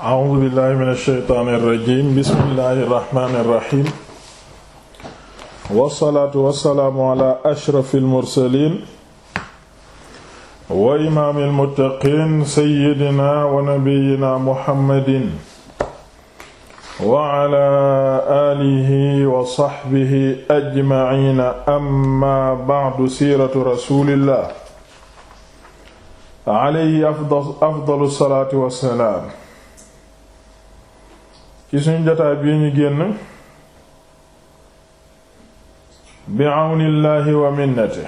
a'uuzu billahi min ash-shaytaani irrajim bismillahi irrahmani irrahim wasalaatu wasalaamu ala ashrafi almursalin wa imaami almuttaqiin sayyidina wa nabiyyina muhammadin wa ala alihi wa sahbihi ajmaciina amma ba'du siiratu rasulillah alayhi afdalu salaatu wassalaam ci suñu jotaay bii ñu génn bi àwnillaahi wa minnate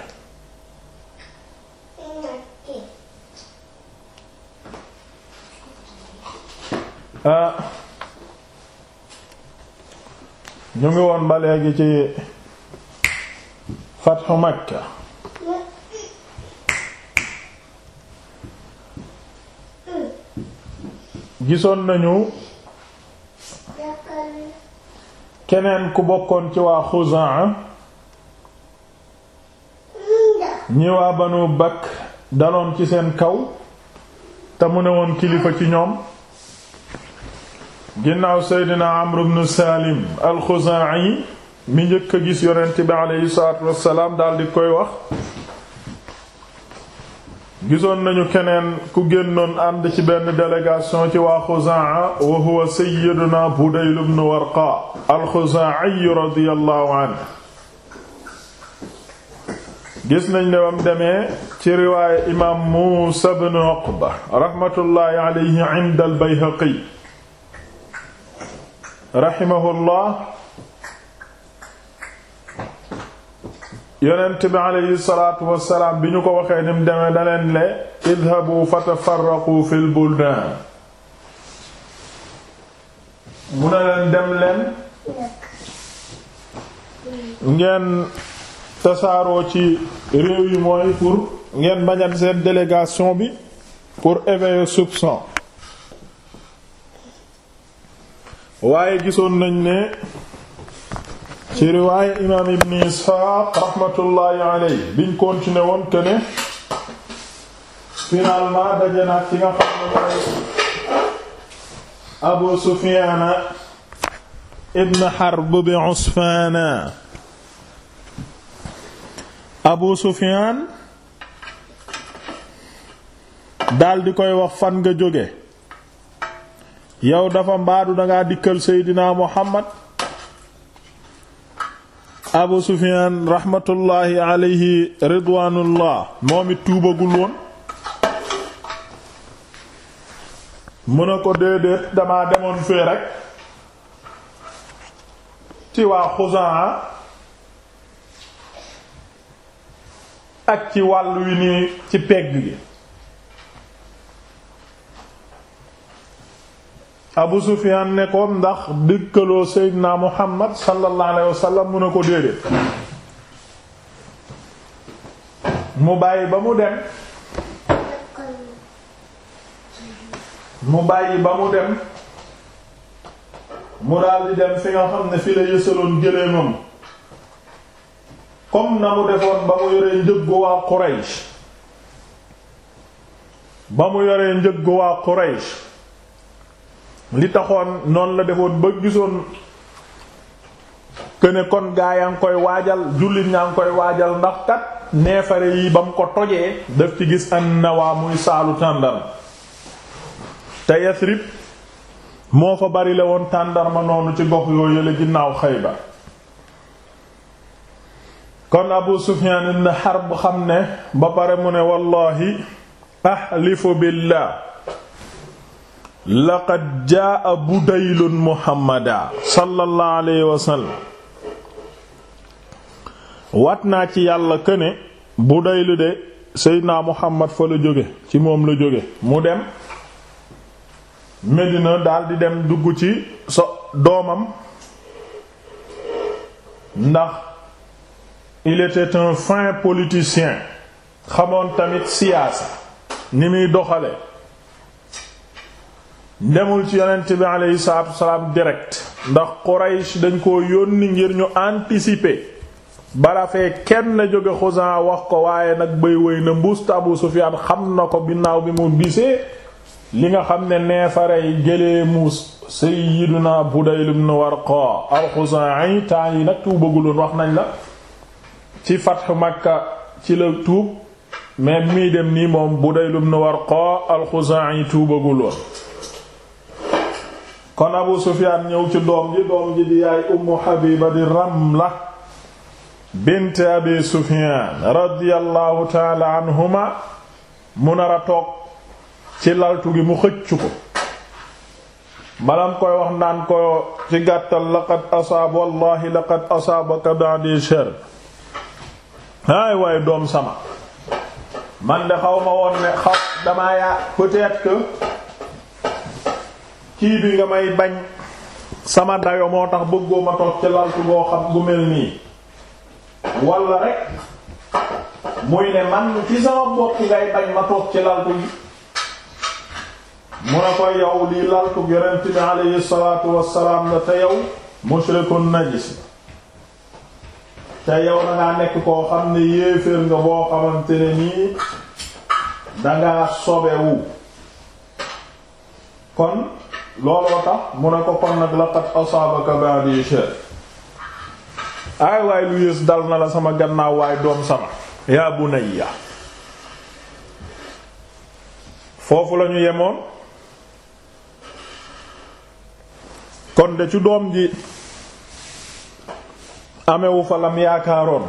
ah ñu ngi woon ba léegi ci fatxu Makka gisoon nañu keneen ku bokkoon ci waa Xuzaa ñi waa Banu Bakk daloon ci seen kaw te mu ne woon kilifa ci ñoom ginnaaw Seydina Amr ibn Salim al-Xuzaa'i mi njëkk a gis yonent bi aleyhi salaatu wassalaam daldi koy wax gisoon nañu keneen ku génnoon ànd ci benn délégation ci waa Xuzaa wa huwa sayyiduna Budayl ibn Warqa al-Xuzaa'i radiyallahu anhu gis nañ ne bam demee ci riwaaya imaam Muusa ibn Uqba rahmatullahi alayhi inda al-Bayhaqi rahimahullah yonent bi aleyhi salaatu wassalaam bi ñu ko waxee ni mu da leen le idhabu fatafarraqu fil buldaan mu ne leen dem leen ngeen tasaaroo ci réew yi mooy pour ngeen bañat seen délégation bi pour éveiller soupçon waaye gisoon nañ ne ci riwaaya imaam ibn Isxaaq raxmatullaahi aley biñ continué woon que ne daje na ci nga xam ne Abu Sufyaana ibn Harb bi Usfaana Abu Sufyaan daldi koy wax fan nga jóge yow dafa mbaadu dangaa dikkal Seydina Muhammad Abu Sufyaan raxmatullaahi alayhi ridwaanullah moom it tuubagul woon ko déedéet damaa demoon fee rekk ci waa Xuzaa ak ci wàll wi nii ci pegg gi Abu Sufyaan ne ndax dëkkaloo Seydina Muhammad sallallahu alayhi wa sallam mu ne ko déedéet mu bàyyi ba mu dem mu bàyyi ba mu dem mu daldi dem fi nga xam ne fi la yësaloon gëléemam comme na mu defoon ba mu yoree njëggu waa Quraysh ba mu yoree njëggu waa Quraysh li taxoon noonu la defoon ba gisoon këne kon gaa yaa ngi koy waajal jullit ñaa ngi koy waajal ndax kat neefare yi ba mu ko tojee daf ci gis na nawaa muy saalu tàndarma te Yasrib moo fa bari la woon tàndarma noonu ci gox yooyu la xay Xaybar kon Abu Sufyaan ibn Harb xam ne ba pare mu ne wallaahi ahlifu billah laqad jaa budaylun muhammada sallallahu alayhi wa sallam waat naa ci yàlla këne budaylu de seydinaa muhammad fa la jóge ci moom la jóge mu dem medina daldi dem dugg ci so doomam ndax il était un fin politicien xamoon tamit siyaasa ni muy doxale demul ci yonent bi aleyhi salaatu wasalaam direct ndax Quraysh dañ ko yónni ngir ñu anticiper bala fee kenn jóge Xuzaa wax ko waaye nag bay wëy na mbuus Abu Sufyaan xam na ko binnaaw bi mu gisee li nga xam ne neefarey gëleemu Sayyiduna Budayl ibn Warqa al-Xuzaa'i temps yi nag tuub bëgguloon wax nañ la ci Fathu Makka ci la tuub mais mii muy dem nii moom Budayl ibn Warqa al-Xuzaa'i tuubaguloon kon Abu Sufyaan ñëw ci doom ji doom ji di yaay Ummu Habiba di Ramla bint Abi Sufyaan radiyallahu taala anhuma mu nar a toog ci laltu gi mu xëccu ko balam koy wax naan ko ci gàttal laqad asaab wallahi laqad asaabaka ba'di shar ay waay doom sama man de xaw ma woon ne xaw damaa yaa peut-être kii bi nga may bañ sama dayo moo tax bëggoo ma toog ci laltu boo xam bu mel nii wala rek muy ne man ci sama bopp ngay bañ ma toog ci laltu gi mu ne ko yow lii laltu gi yonent bi alayhi salaatu wassalaam la te yow mushrikun najis te yow na nekk koo xam ne yéeféer nga boo xamante ne nii dangaa sobewu kon looloo tax mu a ko kon nag laqad asaabaka ba'di shay aay waay lu yées dal na la sama gannaaw waay doom sama yaa bunayya foofu lañu yemoon kon de ci doom ji amewu fa lam yaakaaroon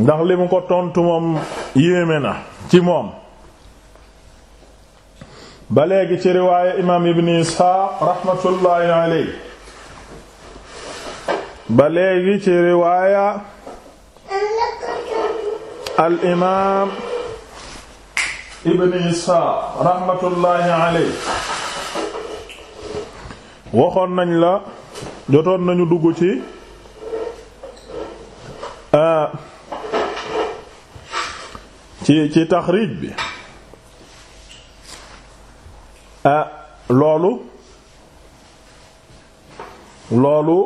ndax li mu ko tontu moom yéeme na ci moom ba léegi ci riwaaya imaam ibn isxaaq raxmatullaahi aley ba léegi ci riwaaya al imaam ibn isxaaq raxmatullaahi aley waxoon nañ la jotoon nañu dugg ci ah, ci ci taxriij bi Ah, loolu loolu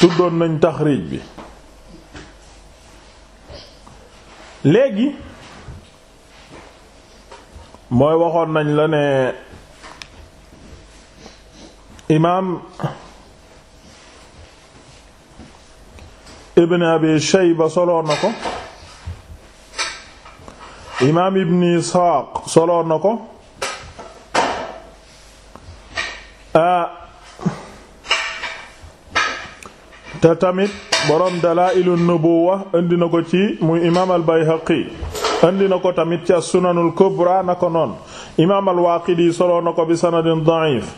tuddoon nañ taxriij bi léegi mooy waxoon nañ la ne imaam ibn abi ba soloon na ko imaam ibn isxaaq soloon na ko te tamit borom Dalaa'ilun Nubuwwa indi na ko ci muy imaam al-Bayhaqi indi na ko tamit ci as-Sunanul Kubra na ko noon imaam al-Waaqidi na ko bi sanadin da'if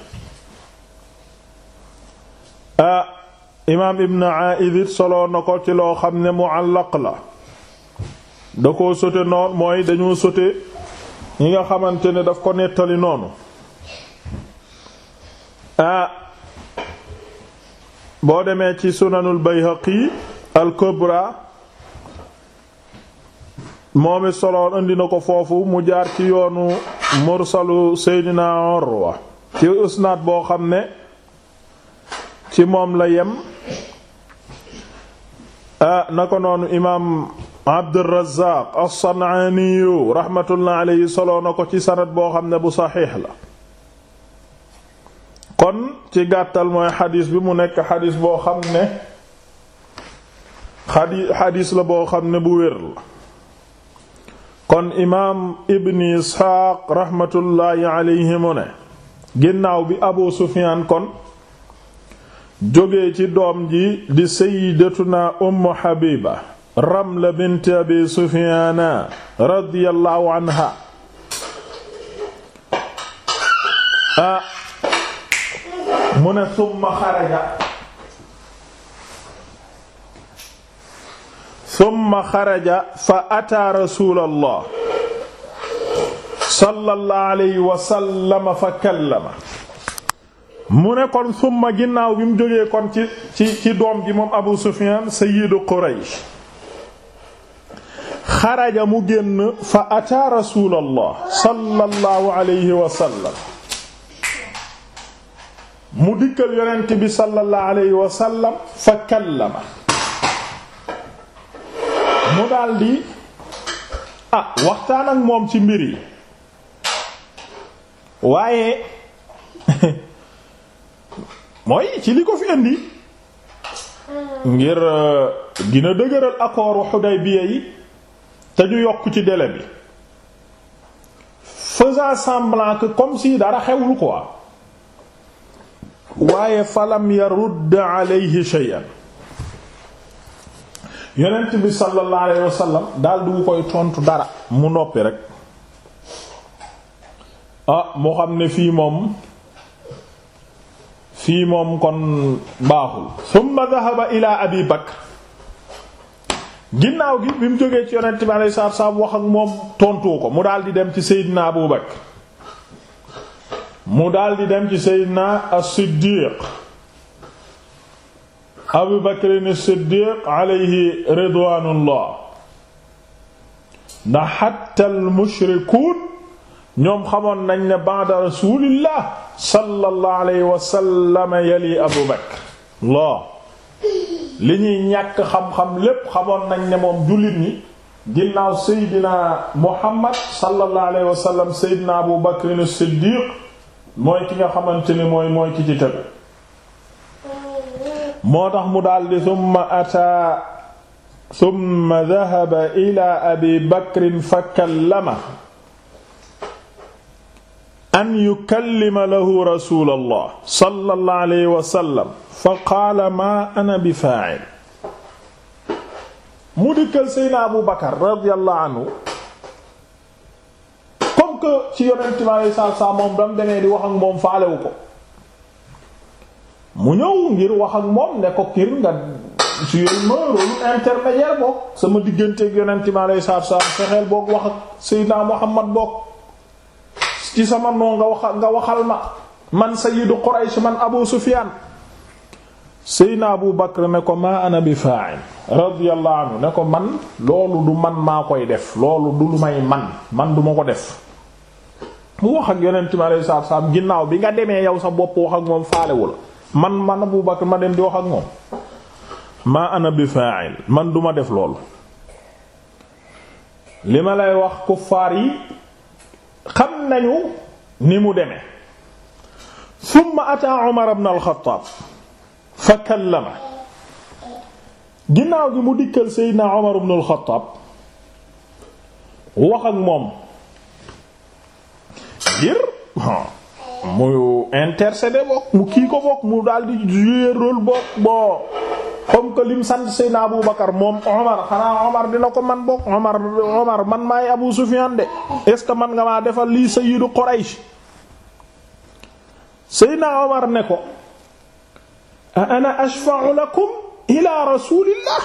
ah imaam Ibn Aa'id soloo na ko ci loo xam ne mu'allaq la da koo sote noonu mooy dañoo sote ñi nga xamante ne daf ko nettali noonu ah boo demee ci sunanul bayhaqi al kubra moom soloon indi na ko foofu mu jaar ci yoonu mursalu seydina urwa ci isnaad boo xam ne ci moom la yem ah na ko noonu imaam abdurazaq as-san'ani rahmatullah alayhi soloo na ko ci sanad boo xam ne bu saxiix la kon ci gàttal mooy xadis bi mu nekk xadis boo xam ne xadis la boo xam ne bu wér la kon imaam ibn isxaaq raxmatullaahi alayhi ne ginnaaw bi abu sufiyaan kon jóge ci doom ji di sayyidatuna ummu habiba ramla bint abi sufiyaana radiyallaahu anha mu ne summa xaraja summa xaraja fa ataa rasulallah sallallahu alayhi wa sallam fa kallama mu ne kon summa ginnaaw bi mu jógee kon ci doom ji moom Abu Sufyan sayyidu Quraysh xaraja mu génn fa ataa rasulallah sallallahu alayhi wa sallam mu dikkal yonent bi sallallahu alayhi wa sallam fa kallama mu daldi ah waxtaan ak moom ci mbir yi waaye mooy ci li ko fi indi ngir dina euh, dëgëral accord Hudaybiya yi te ñu yokk ci délai bi faisant semblant que comme si dara xewul quoi waaye falam yarudd alayhi shay'an yonent bi sallallahu alayhi wa sallam daal koy tontu dara mu noppi rek ah moo xam ne fii moom fii moom kon baaxul summa dhahaba ila abi bakr ginnaaw gi bi mu jógee ci yonent bi alayhi salaatu wa salaam wax ak moom tontu ko mu dal di dem ci seydina abu bakr mu daldi dem ci seydina as-siddiq abu bakrin as-siddiq alayhi ridwaanullah ndax xatta al-mushrikuun ñoom xamoon nañ ne ba'da rasulillah sallallahu alayhi wa sallam yali abu bakr laa li ñuy ñàkk xam-xam lépp xamoon nañ ne moom jullit ñi ginnaaw seydina muhammad sallallahu alayhi wa sallam seydina abu bakrin as-siddiq mooy ki nga xamante ni mooy mooy ki ci tegu moo tax mu daldi summa ataa summa dhahaba ila abi bakrin fa kallama an yukallima lahu rasulallah sallallahu alayhi wa sallam fa qaala maa ana bi faa'il mu dikkal Seydina Abu Bakar radiyallahu anhu comme que ci yonent bi alei saatu salaam moom dam demee di wax ak moom faalewu ko mu ñëw ngir wax ak moom ne ko kir nga joué ma rôle intermédiaire boog sama digganteeg yonent bi alei saatu salaam fexeel boog wax ak Seydina Muhammad boog ci sama noo nga wax nga waxal ma man sayyidu Quraysh man Abu Sufyan Seydina Abu Bakr ne ko ma ana bi fa'il radiyallahu anhu ne ko man loolu du man maa koy def loolu du lu may man man du ma ko def mu wax ak yonent mi alayhi salaatu salaam ginnaaw bi nga demee yow sa bopp wax ak moom faalewu la man man Abu Bakr ma dem di wax ak moom maa ana bi fa'il man duma def loolu li ma lay wax kuffaar yi xam nañu ni mu demee summa ataa Umar ibn al-Khattab fa kallama ginnaaw gi mu dikkal Seydina Umar ibn wax ak moom ngir mu intercéder bokk mu kii ko bokk mu daal di jouer rôle bokk bon comme que lim sant Seydina Abu Bakar moom Omar xanaa Omar dina ko man bokk Omar Omar man maay Abu Sufyan de est man nga maa defal lii sayyidu Quraysh Seydina Omar ne ko a ana ashfa'u lakum ila rasulillah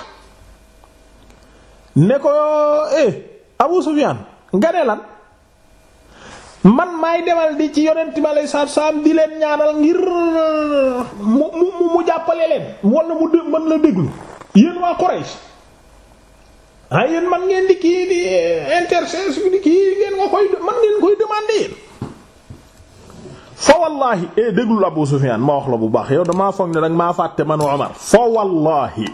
ne ko eh, Abu Sufyan nga ne man maay demal di ci yonent bi aleyhi salaatu di leen ñaanal ngir mu mu mu jàppale leen wala mu dé mën la déglu yéen waa Quraysh ah yéen man ngeen di kii di eh, intercession di kii ngeen nga koy man ngeen koy demander fa wallaahi eh déglul Abu Sufyaan ma wax la bu baax yow damaa foog ne nag maa fàtte man Umar fa wallaahi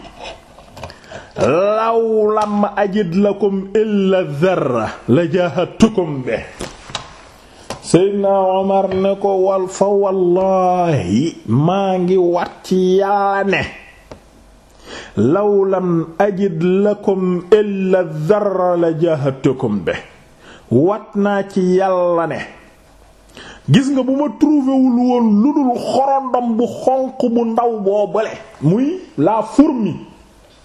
law lam ajid lakum illa dharra la jaahadtukum bihi Seydina Omar ne ko wal fa wallaahi maa ngi wat ci yàlla ne law lam ajid lakum illa dharra la jahatukum be wat naa ci yàlla ne gis nga bu ma trouvéwul woon lu dul xorondom bu xonq bu ndaw boo bale muy la fourmi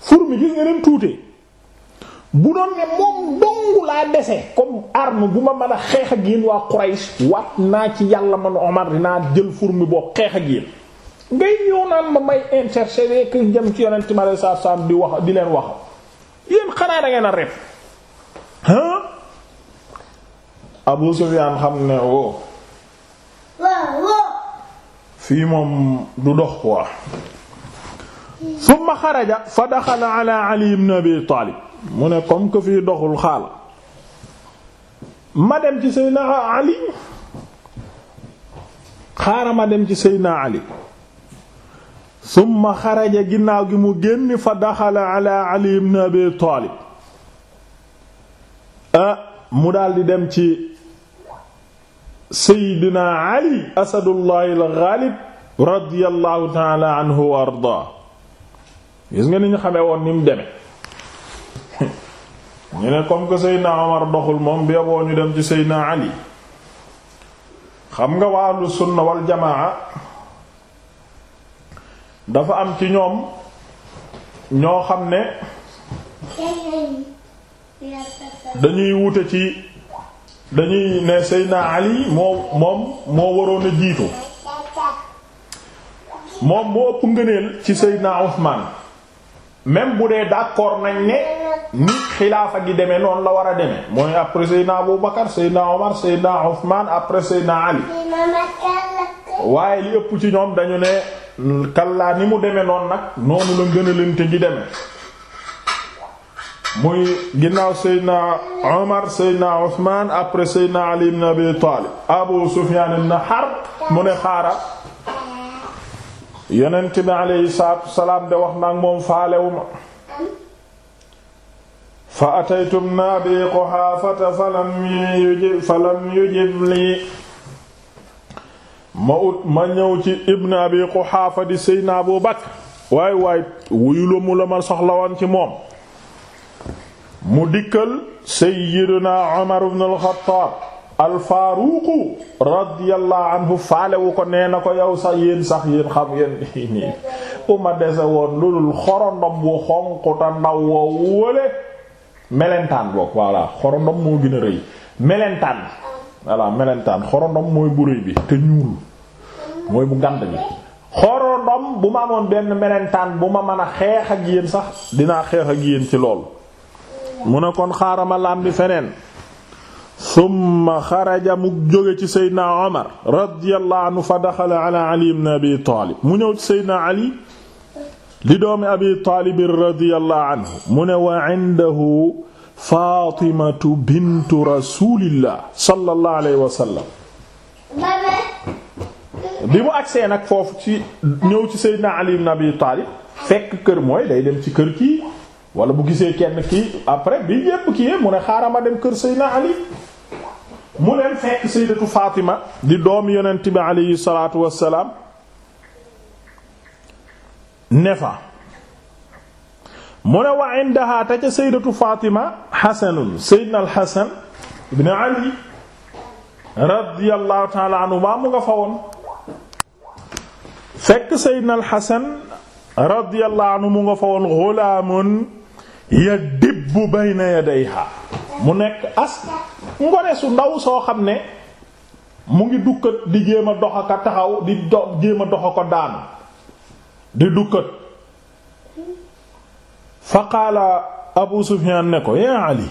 fourmi gis nga leen tuutee bu doon ne moom dongu laa dese comme arme bu ma mën a xeex ak yéen waa Quraysh waat naa ci yàlla man Omar dinaa jël fourmi boo xeex ak yéen ngay ñëw ma may intercéder que jëm ci yonent ma saa saam di wax di leen wax yéen xanaa da a rep. ah. Abu Sufyaan xam ne woo. fii moom du dox quoi. summa xaraja fa daxala ala Ali ibn Abi Taalib mu ne comme que fii doxul xaal ma dem ci Seydina Ali xaaral ma dem ci Seydina Ali summa xaraja ginnaaw gi mu génn fa daxala ala Ali ibn Abi Taalib ah mu daldi dem ci Seydina Ali asadullah al-Ghalib radiyallahu ta'ala anhu wa ardaa gis nga ni ñu xamee woon ni mu demee ñu ne comme que Seydina Omar doxul moom bi ñu dem ci Seydina Ali xam nga waa ahlu sunna wal jamaa dafa am ci ñoom ñoo xam ne dañuy wute ci dañuy ne Seydina Ali moo moom moo waroon jiitu moom moo ëpp ngëneel ci Seydina Usmaan même bu dee d'accord nañ ne ni xilaafa gi demee noonu la war a demee mooy après Seydina Abu Bakar Seydina Omar Seydina dañu ne demee noonu nag noonu la gën gi demee muy ginnaaw Seydina Omar Seydina Ousmane après Seydina Ali ibn Abi Talib Abu Sufyan mu ne xaara yonent bi alayhi salaatu salaam de wax nag moom faalewuma fa ataytu bna abi quxaafata falam yujib yujib lii ma ut ma ñëw ci ibn abi quxaafa di seydna abu bakr waay waay wuyu la mu la ma soxla ci moom mu dikkal seydina umar ibn alxataab alfaaruuqu radiyallahu anhu faalewu ko nee ko yow sax sax yéen xam ngeen nii dese woon lu dul xorondom bu xonq te ndaw woo wële melentaan boog voilà xorondom moo gën a rëy melentaan voilà melentaan xorondom mooy bu rëy bi te ñuul mooy bu ngand bi xorondom bu ma amoon benn melentaan bu ma mën a xeex ak yéen sax dinaa xeex ak yéen ci lool mu ne kon xaarama lam bi feneen summa xaraja mu jóge ci seydna omar radiyallahu anhu fa daxala ala ali ibn abi taalib mu ñëw ci seydna ali li doom abi taalibin radiyallahu anhu mu ne wa indahu faatimatu bintu rasulillah sallallahu alayhi wa sallam bi agsee nag foofu ci ñëw ci seydina ali ibn abi taalib fekk kër mooy day dem ci kër kii wala bu gisee kenn kii après bi yépp kii mu ne xaaral ma dem kër seydina ali mu leen fekk sayyidatu faatima di doomi yonent bi alayhi salaatu wassalaam ne fa mu ne wa indaha ta ca saydatu fatima xasanun saydna alxasan ibn ali radiallahu taala anhu mu nga fa woon fekk saydna alxasan radiallahu anhu mu nga fa woon xulaamun ya dibbu bayna yadayha mu nekk as ngone ndaw soo xam ne mu ngi dukkat di jéem a dox aka taxaw di do jéem dox ko daanu di dukkat fa qaala abu sufiyaan ne ko yaa ali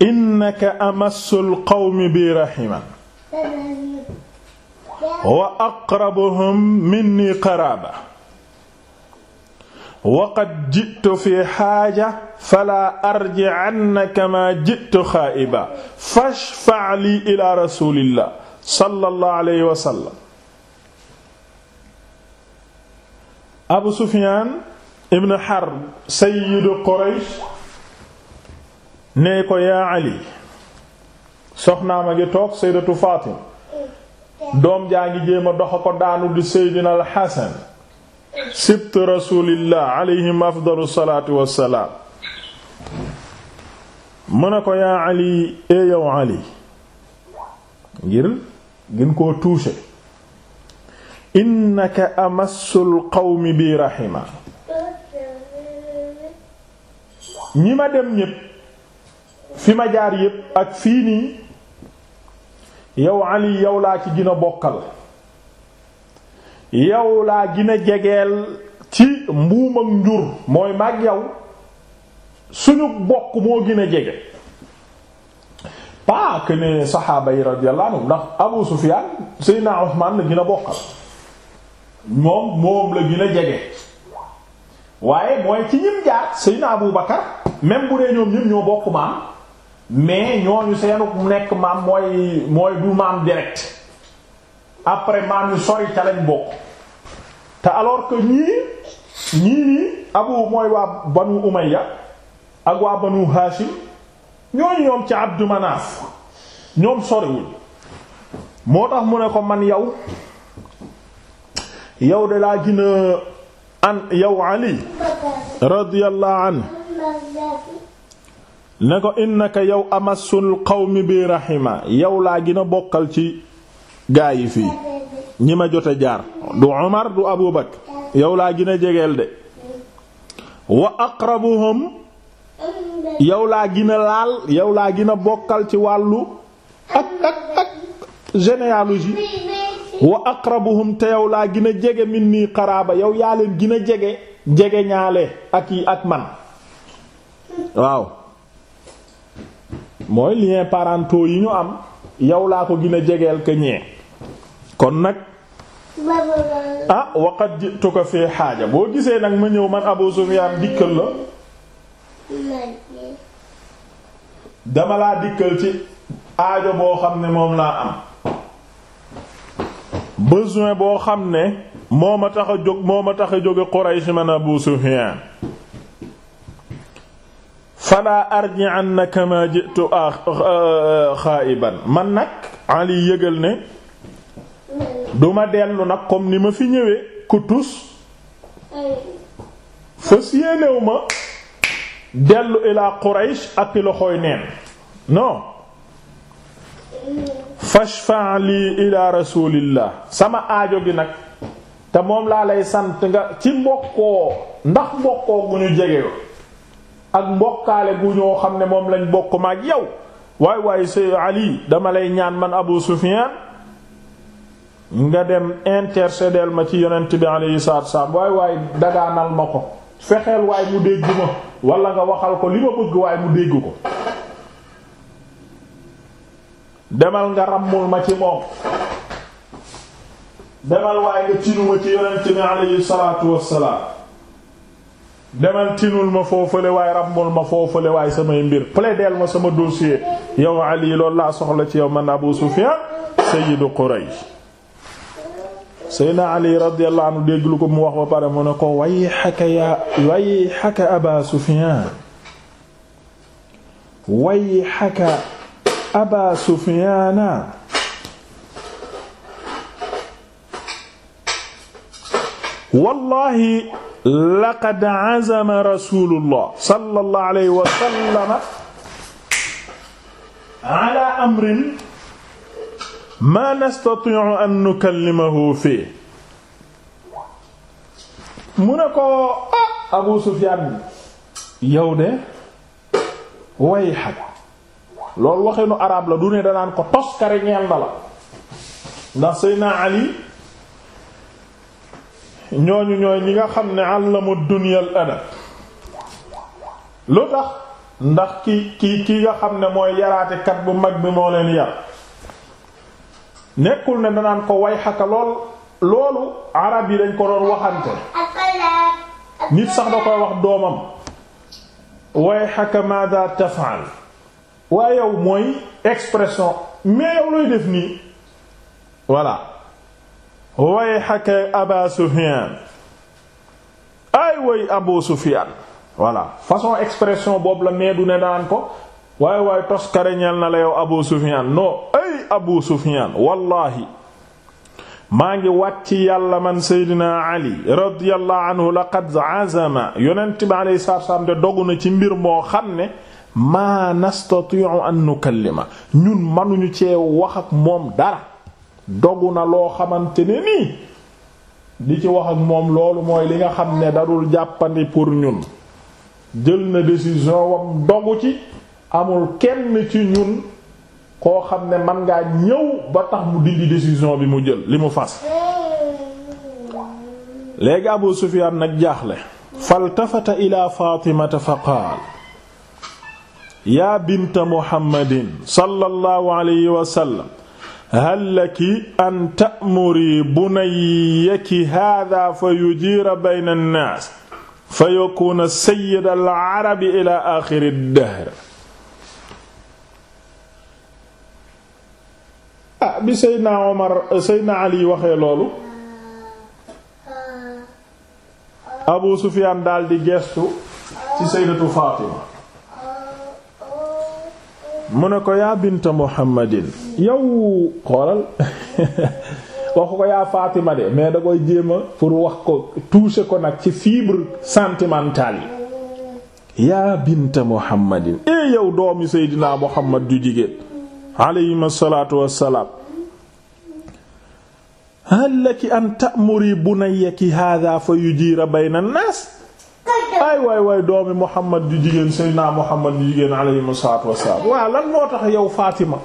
innaka amassul qawmi bi rahiman wa aqrabuhum minni qaraaba wa qad ji'tu fi xaaja fala arji'anna kama ji'tu xaa'iba fashfa' li ila rasulillah sallallahu alayhi wa sallam abu sufiyaan ibn harb sayyidu quraysh ne ko yaa ali soxnaam a ngi toog sayyidatu faatima doom jaa ngi jéem a dox ko daanu di seydina al hasan sibt rasulillah alayhim afdalu salaatu wassalaam mu ne ko yaa ali ee eh ali ngir gën koo touché innaka amassul qawmi bi rahima ñi ma dem ñépp fi ma jaar yépp ak fii nii yow Ali yow laa ci gën bokkal yaw laa gën a jegeel ci mbuum ak njur mooy mag yow suñu bokk moo gën jege pas que ne saxaaba yi radiyallahu ndax Abu Sufyaan Seydina Usmaan la gën bokkal moom moom la gën a jege waaye mooy ci ñim jaar Seydina Abu Bakar même bu dee ñoom ñim ñoo bokk maam mais ñooñu seenu nekk maam mooy mooy du maam direct après maam yu sori ca lañ bokk te alors que ñii ñii Abu mooy waa Banu Umayya ak waa Banu Hashim ñooñu ñoom ci Abdu Manaaf ñoom soriwul moo tax mu ne ko man yow yow de laa gën an yow Ali radiyallahu an ne ko innaka yow amassul qawmi bi rahima yow laa gën a bokkal ci gaa yi fii ñi ma jote jaar du Umar du Abu Bakr yow laa gën a jegeel de wa aqrabuhum yow laa gën a laal yow laa gën bokkal ci wàllu ak ak ak généalogie wa aqrabuhum te yow laa gin a jege min nii xaraaba yow yaa leen gën a jege jege ñaale ak yi ak man waaw mooy lien parentaux yi ñu am yow laa ko gin a jegeel ka ñee kon nag ah waqat jitu ko fee xaaja boo gisee nag ma ñëw man Abu Sufyaan dikkal la dama laa dikkal ci aajo boo xam ne moom laa am besoin boo xam ne moo ma tax a jóg moo ma tax a jóge Quraysh man Abu Sufyaan fala arji'anna kama ji'tu uh, uh, xaa'iban man nag Ali yëgal ne duma dellu nag comme ni ma fi ñëwee ku tus fas yéenéw ma dellu ilaa Quraysh ak i loxooy neen non fashfa' lii ila rasulillah sama aajo gi nag te moom laa lay sant nga ci mbokkoo ndax mbokkoo gu ñu jege ak mbokkaale gu ñoo xam ne moom lañ bokk ma ak yow waay waay say Ali dama lay ñaan man Abu Sufyan nga dem intercédeel ma ci yonent bi alayhi salaatu wassalaam waay waay dagaanal ma ko fexeel waay mu dégg ma wala nga waxal ko li ma bëgg waay mu dégg ko demal nga ràmmul ma ci moom demal waaye nga tinu ma ci yonent mi alayhi salaatu wassalaam demal tinul ma foofale waay ràmmul ma foofale waay samay mbir plaideel ma sama dossier yow Ali loolu laa soxla ci yow man Abu Sufyan sayyidu Quraysh Seydina Ali radiyallahu anhu dégglu ko mu wax ba pare mu ne ko wayhaka ya wayhaka Aba Sufyan wayhaka aba sufyaana wallahi laqad azama rasulullah sallallahu alayhi wa sallam ala amrin ma nastati'u an nukallimahu fi mu ne ko ah, Abu Sufyaan yow de way xag loolu waxeenu arab la du ne danaan ko toskare ñeel na la ndax Seydina Ali ñooñu ñooy ñi nga xam ne àllamu dunyal adab lu tax ndax ki ki ki nga xam ne mooy yaraatekat bu mag bi moo leen yar nekkul ne danaan ko way xaka lool loolu arab yi dañ ko doon waxante nit sax da koy wax doomam way xaka maada tafal waaye yow mooy expression mais yow looy def nii voilà way xakke aba Sufyan ay way Abu Sufyan voilà façon expression boobu la mais du ne daan ko waaye waaye tos kareñeel na la yow Abu Sufyan non ay Abu Sufyan wallahi maa ngi wàcc yàlla man Seydina Ali radiyallahu anhu laqad azama yonent bi alayhi salaam te dogu na ci mbir moo xam ne maa nastati'u an nukallima ñun mënuñu cee wax ak moom dara dogu na loo xamante ni nii di ci wax ak moom loolu mooy li nga xam ne darul jàppandi pour ñun jël na décision wam dogu ci amul kenn ci ñun koo xam ne man ngaa ñëw ba tax mu dindi décision bi mu jël li mu fas léegi Abu Sufyan nag jaaxle faltafata ila Fatimata fa qaal yaa binta muhammadin sallallahu alayhi wa sallam hal laki an ta'muri bunayyaki haadaa fa yujiira bayna an-naas fa yakuuna sayyida al-arabi ilaa aaxiri ad-dahr. ah bi Seydina Omar Seydina Ali waxee loolu. Abu Sufyaan daldi geestu ci Sayyidatu Faatima. mu ne ko yaa bint muhammadin yow xoolal waxu ko yaa Fatima de mais da koy jéem a pour wax ko toucher ko nag ci fibre sentimentale yi yaa bint muhammadin e yow doomi seydinaa muhammad du jigéen alayhima salaatu wassalaam hal laki an ta'muri bunayyaki hadha fa yujiira bayna an-naas ay waay waay doomi Muhammad ju jigéen Seydina Muhammad ju jigéen alayhi salaatu wassalaam waaw lan moo tax yow Fatima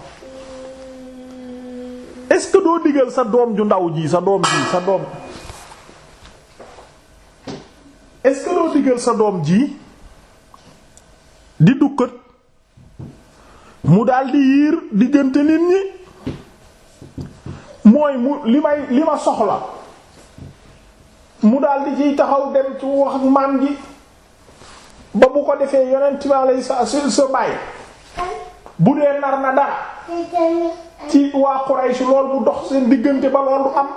est-ce que doo digal sa doom ju ndaw ji sa doom ji sa doom est-ce doo digal sa doom ji di dukkat mu daal di yiir diggante nit ñi mooy mu li may li ma soxla mu daal di ciy taxaw dem ci wax ak gi ba bu ko defee yonent bi alayhi salaatu sa bàyyi bu dee nar na dara ci waa Quraysh lool bu dox seen diggante ba lool du am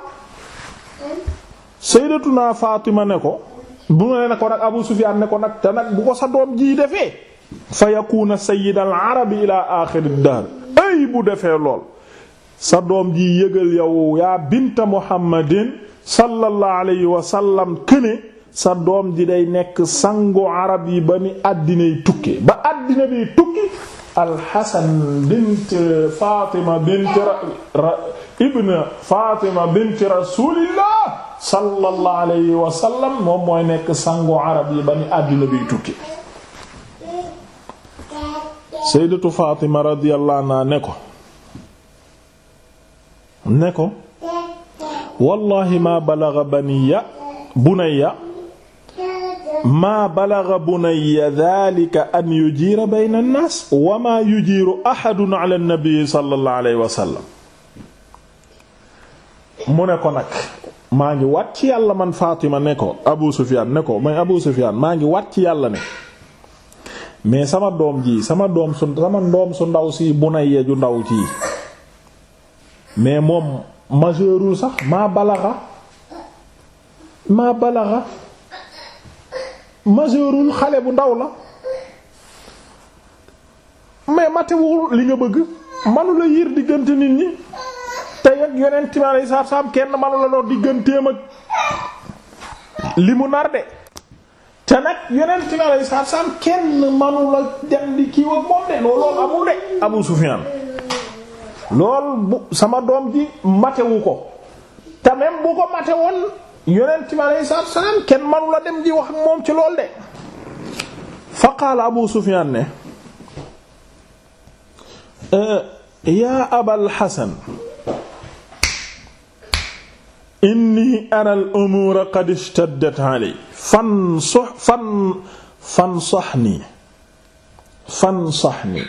sayyidatuna Fatima ne ko bu ne ne ko nag Abu Sufyaan ne ko nag te bu ko sa doom ji defee fa yakuna sayyidal arabi ila aaxirid dahr ay bu defee lool sa doom ji yëgal yow yaa binta Muhammadin sallallahu alayhi wa sallam këne sa doom ji day nekk sangu arab yi ba ni àddinay tukki ba àddina bi tukki alxasan bint fatima bint ibn sallallahu alayhi wa moom mooy nekk sangu arab yi ba ni àddina biy tukki sayyidatu fatima radiyallahu anha ne ko ne ko wallahi ma balagha baniya bunayya maa balaga bunaya dalika an yujiira bayna annaas wa maa yujiiru ahadun ala nabi sallallahu alayhi wa sallam mu ne ko nag maa ngi wat ci yàlla man Fatima ne ko Abu Sufyan ne ko may Abu Sufyan maa ngi wat yàlla ne mais sama doom ji sama doom su sama doom su ndaw si bunaya ju ndaw ci mais moom majeurul sax maa balaga maa balaga majeurul xale bu ndaw la mais matewul li nga bëgg manu la yër diggante nit ñi te ak yonent mi alayhi salaatu salaam kenn manu la noo digganteem ak li mu nar de te nag yonent mi alayhi salaatu salaam kenn manu la dem di kii ak moom de loolu amul de Abu Sufyaan lool bu sama doom ji matewu ko te bu ko mate yonent bi aleyhi salaatu salaam kenn manu la dem di wax moom ci lool de fa qaala abu sufiyaan ne yaa abal xasan inni ara al umuur qad ishtaddat alay fan sox fan fan sox nii fan sox nii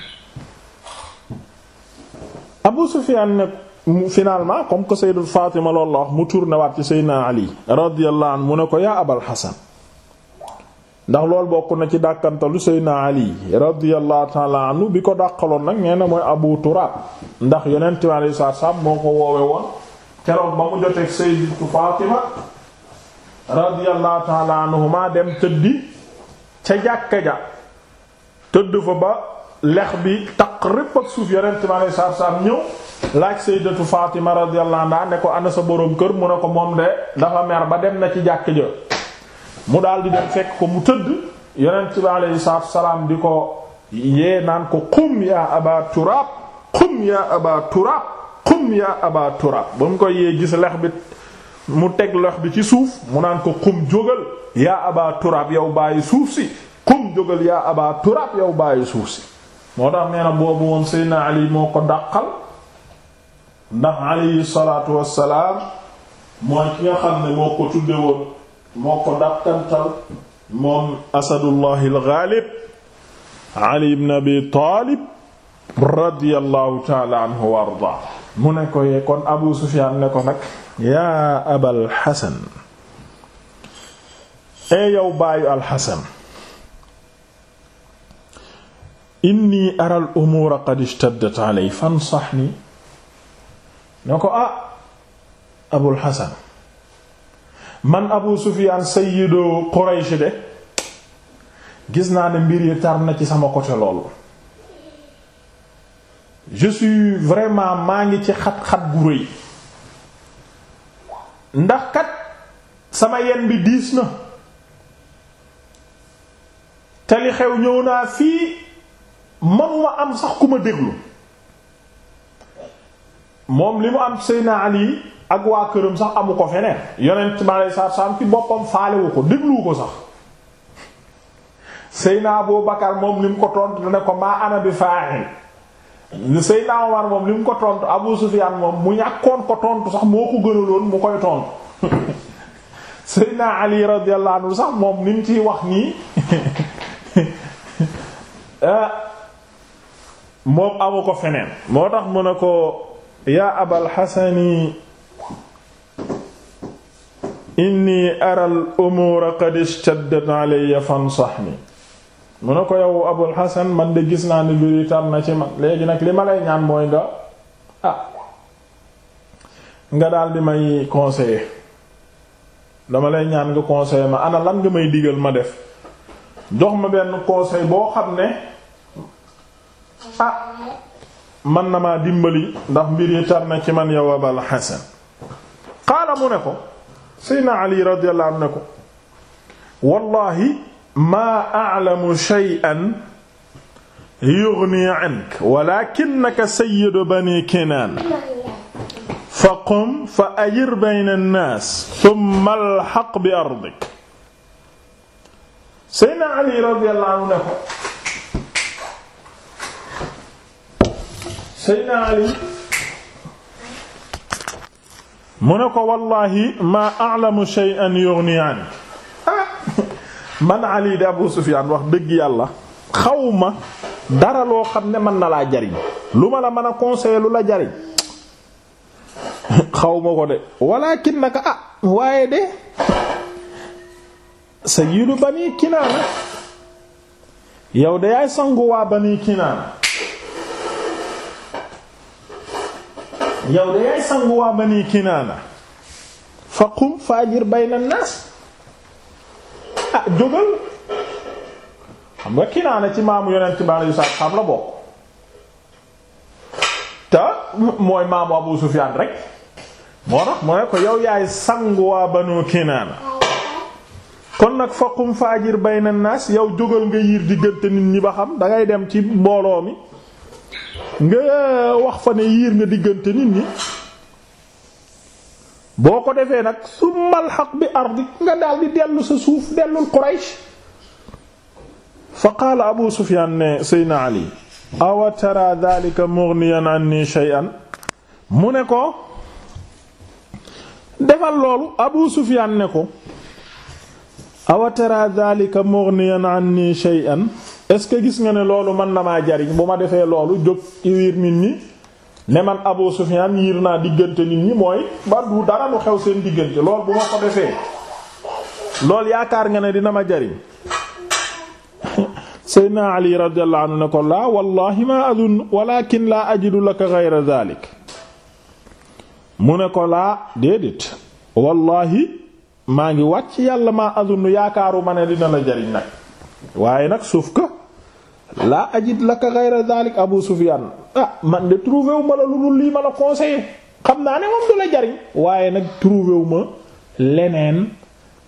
abu sufiyaan ne mu finalement comme que Sayyidatu Fatima loolu la wax mu tourné waat ci Sayyidina Ali radiyallahu anhu mu ne ko yaa Abal Hasan ndax loolu bokk na ci dàkkantalu Sayyidina Ali radiyallahu ta'ala bi ko dàqaloon nag nee na mooy Abu Turab ndax yonent mi alayhi salaatu moo ko woowe woon keroog ba mu joteeg Sayyidatu Fatima radiyallahu ta'ala anhuma dem tëddi ca jàkka ja tëdd fa ba lex bi taq rëpp ak suuf yonent mi alayhi salaatu ñëw laaj sayyidatu Fatima radiyallahu anha ne ko ana sa boroom kër mu ne ko moom de dafa mer ba dem na ci jàkk ja mu daal di dem fekk ko mu tëdd yeneen bi alayhi salaatu salaam di ko yee naan ko qum ya aba turaab qum ya aba turaab ba mu ko yee gis lex bi mu teg lex bi ci suuf mu naan ko qum jógal yaa aba turaab yow bàyyi suuf si qum jógal yaa aba turaab yow bàyyi suuf si moo tax nee na boobu moom Seydina Ali moo ko dàqal ndax alayhi salaatu wassalaam mooy ki nga xam ne moo ko tudde woon moo ko dàkkantal moom asadullahi alxaalib ali ibn abi taalib radiyallahu taala anhu wa ardaa mu ne ko yee kon abu sufyaan ne ko nag yaa abal xasan ee yow baayu alxasan inni aral umuura qad ishtaddat alay fansaxni ne ko ah abul hasan man abu sufiyaan sayyidu quraysh de gis naa ne mbir yi tar na ci sama côté loolu je vraiment maa ngi ci xat-xat gu rëy ndax kat sama yen bi diis na te xew ñëw naa fii manuma am sax ku ma déglu moom li mu am Seydina Ali ak waa këram sax amu ko feneen yonent mi aleyhi salaatu salaam ci boppam faalewu ko dégluwu ko sax Seydina Abu Bakar moom li mu ko tontu ne ko maa ana bi faa'il Seydina Omar moom li mu ko tontu Abu Sufyaan moom mu ñàkkoon ko tontu sax moo ko gënaloon mu koy tontu Seydina Ali radiyallahu anhu sax moom ni mu ciy wax nii eh, moom amu ko feneen moo tax mu ne ko yaa abal xasani inni aral umuura qad ishtaddat alayya fansaxni mu ne ko yow abul xasan man de gis naa ni mbir yi tar na ci man léegi nag li ma lay ñaan mooy nga ah nga daal di may conseiller dama lay ñaan nga conseiller ma ana lan nga may digal ma def jox ma benn conseil boo xam ne ah man na maa dimbali ndax mbir yi tar na ci man yow abal xasan qaala mu ne ko seydna ali radiyallahu anhu ne ko wallahi maa a'lamu shay'an yughni 'anka walakinnaka sayyidu bani kinaana faqum fa ajir bayna an-naas thumma alhaq bi ardik seydna ali radiyallahu anhu ne ko Seydina Ali mu ne ko wallahi maa a'lamu shay'an yughni ah, man Ali de Abu Sufyaan wax dëgg yàlla xaw ma dara loo xam ne mën na laa jariñ lu ma la mën a conseiller lu la jariñ xaw ma ko de walakin naka ah waaye de sayyidu Bani Kinaana yow de yaay sangu waa Bani Kinaana yow de yaay sangu waa bani kinaana fa qum faajir bayna ah jógal xam nga kinaana ci maamu yonent baa yu saab saab la bokk te mooy maamu Abu Sufyaan rek moo tax mu ne ko yow yaay sangu waa banu kinaana kon nag fa faajiir bay bayna naas yow jógal nga yiir diggante nit ñi ba xam dangay dem ci mbooloo mi nga wax fa ne yiir nga diggante nit ñi boo ko defee nag summal xaq bi ardi nga daal di dellu sa suuf dellul Quraysh fa qaala Abu Sufyaan ne Seydina Ali awa tara dhalika mughniyan mu ne ko defal loolu Abu Sufyaan ne ko awa tara dhalika mughniyan anni shay'an est-ce que gis nga ne loolu man na maa jariñ bu ma defee loolu jóg yiir nit ñi ne man Abu Sufyan yiir naa diggante nit ñi mooy ba du dara lu xew seen diggante loolu bu ma ko defee loolu yaakaar nga ne dina ma jariñ Seydina Ali radiyallahu ne ko laa wallahi ma adun walakin ne ko laa déedéet maa ngi wàcc yàlla maa adun yaakaaru ma ne dina la jariñ nag waaye nag suuf ka laa ajid laka ghayra dhalik Abu Sufyan ah man de trouvé la lu dul lii ma la conseillé xam naa ne moom du la jariñ waaye nag trouvé wu ma leneen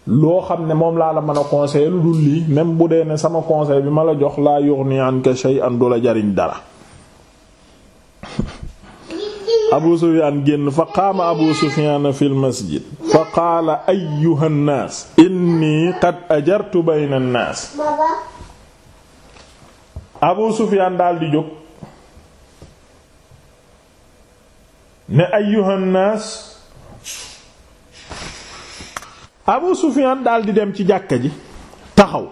loo xam ne moom laa la mën a conseillé lu dul lii même bu dee ne sama conseil bi ma la jox laa yughni anka shay'an du la jariñ dara. Abu Sufyan génn fa qaama Abu Sufyan fi lmasjid fa qaala ayyuha inni qad ajartu bayna nnaas abu sufiyaan daldi jóg ne ayyuhannaas abu sufiyaan daldi dem ci jàkka ji taxaw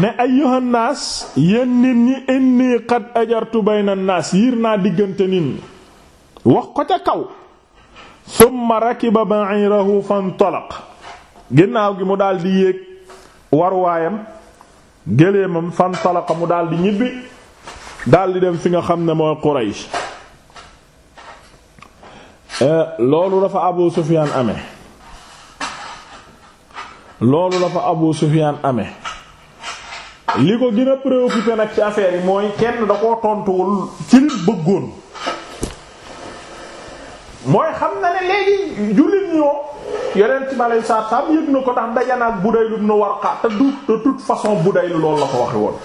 ne ayyuhannaas yéen nit ñi inni qad ajartu bayna yiir naa diggante nit ñi wax ko ca kaw summa rakiba ba'irahu fantalaq ginnaaw gi mu daldi yéeg war géléemam fantalaqa mu daldi ñibbi daldi dem fi nga xam ne mooy Quraysh euh, loolu dafa Abu Sufyaan ame loolu dafa Abu Sufyaan ame li ko gën a préoccupé nag ci affaire yi mooy kenn da koo tontuwul ci bëggoon mooy xam ne léegi jullit ñoo yonent bi aleyhi salaatu salaam yëg na ko ndax dajanaak Budayl ibn Warqa te du de toute façon Budayl loolu la ko waxe woon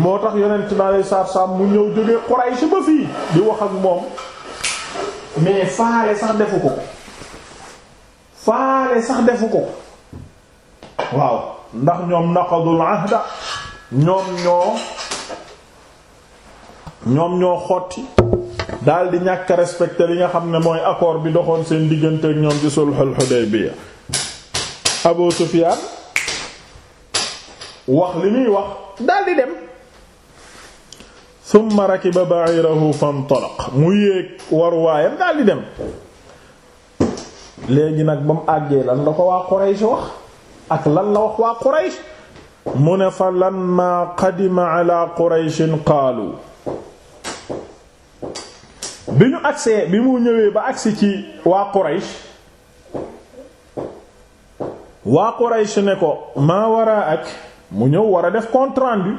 moo tax yonent bi aleyhi salaatu salaam mu ñëw jógee Quraysh ba fii di wax ak moom mais faale sax defu ko faale sax defu ko waaw ndax ñoom naqadul ahda ñoom ñoo ñoom ñoo xotti daal di ñàkk respecté li nga xam ne mooy accord bi doxoon seen diggante ak ñoom ci sulhul Hudaybiya Abu Sufyaan wax li muy wax daal di dem summa rakiba mu yéeg war waayam léegi nag ba mu àggee lan la ko waa Quraysh wax ak lan la wax waa Quraysh mu ne fa lamma qadima ala Quraysh qaalu bi ñu agsee bi mu ñëwee ba agsi ci waa Quraysh waa Quraysh ne ko maa wara ak mu ñëw war a def compte rendu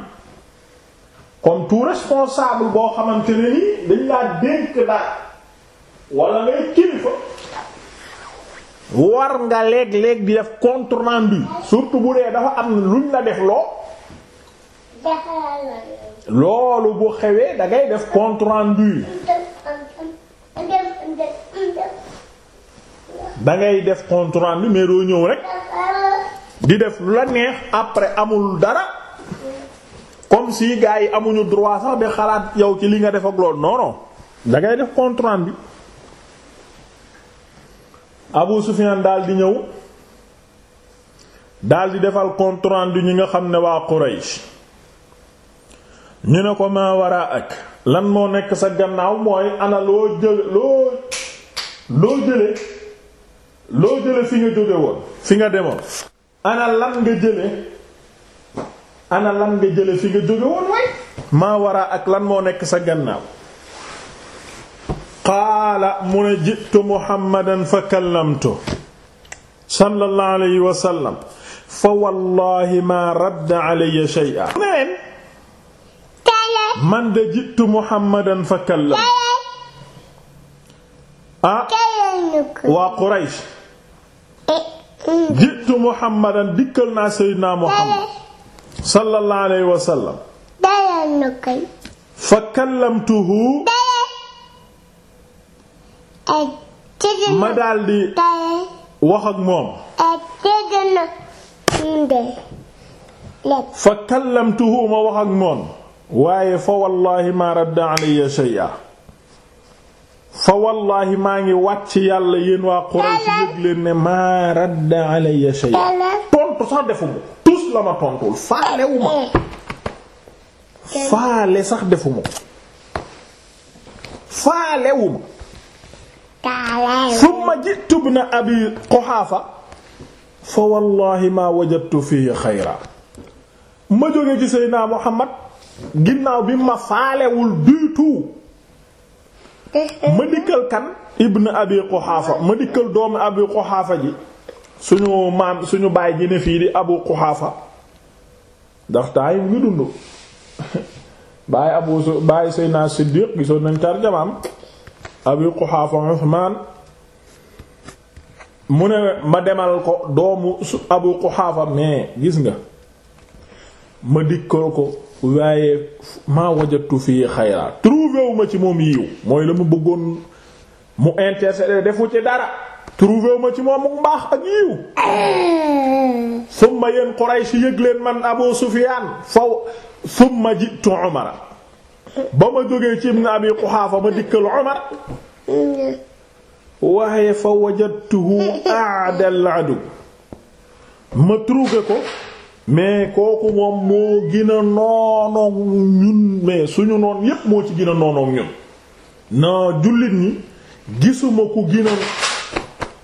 comme tout responsable boo xamante ne ni dañ laa dénk daal wala ngay kilifa war nga léeg-léeg di def compte surtout bu dee dafa am luñ la def loo loolu bu xewee dangay def compte rendu dangay def compte rendu mais doo ñëw rek di def lu la neex après amul dara comme si gars yi amuñu droit sax de xalaat yow ci li nga def ak loolu dangay def compte bi Abu Sufyan daal di ñëw daal di defal compte rendu ñi nga xam ne waa Quraysh ñu ne ko maa waraa ak lan moo nekk sa gannaaw mooy ana loo jële fi nga jóge woon fi nga demoon ana lan nga jële ana lan ak lan moo nekk sa gannaaw qaala mu ne jitu muhammadan fa kallamtu sallallahu alayhi wa sallam fa wallahi ma radda alayya shay'a man de jittu muhammadan fa kallam ah waa Quraysh jittu muhammadan dikkal naa seydinaa muhammad sallallahu alayhi wa ma daldi wax ak moom fa kallamtuhu ma wax ak moom waaye fa wallaahi ma radda alayya shay'a fa wallaahi maa ngi wàcc yàlla yéen waa Quraysh yëg leen ne ma radda alayya shay'a tontu sax defuma tous la ma tontul faalewuma faale sax defuma faalewuma summa jitu ibn abi Quhaafa fa wallaahi ma wajadtu fihi xayra ma jóge ci Seydina Muhammad ginnaaw bi ma faalewul du tout eh, eh. ma dikkal kan ibn abi quxaafa ma dikkal doomi abi quxaafa ji suñu maam suñu baay ji ne fii di abu quxaafa ndax temps yi mu dund baay abu su baay sayna siddiq gisoon nañ tarjamaam abi quxaafa mu ne ma demal ko doomu abu quxaafa mais gis nga ma dikkal ko waaye maa wajatu fii xayra trouvé ma ci moom yiw mooy la mu bëggoon mu intercéder defu ci dara trouvé wu ma ci moom mu mbaax ak yiw summa yéen Quraysh yëg leen man Abu Sufyaan faw summa jitu Umar ba ma jógee ci ibn Abi Quhaafa ma dikkal Umar waaye fa wajadtuhu a'dal adu ma trouvé ko mais kooku moom moo gën a ñun mais suñu noon yépp moo ci gën a noonoog ñun na jullit ñi gisuma ku gën a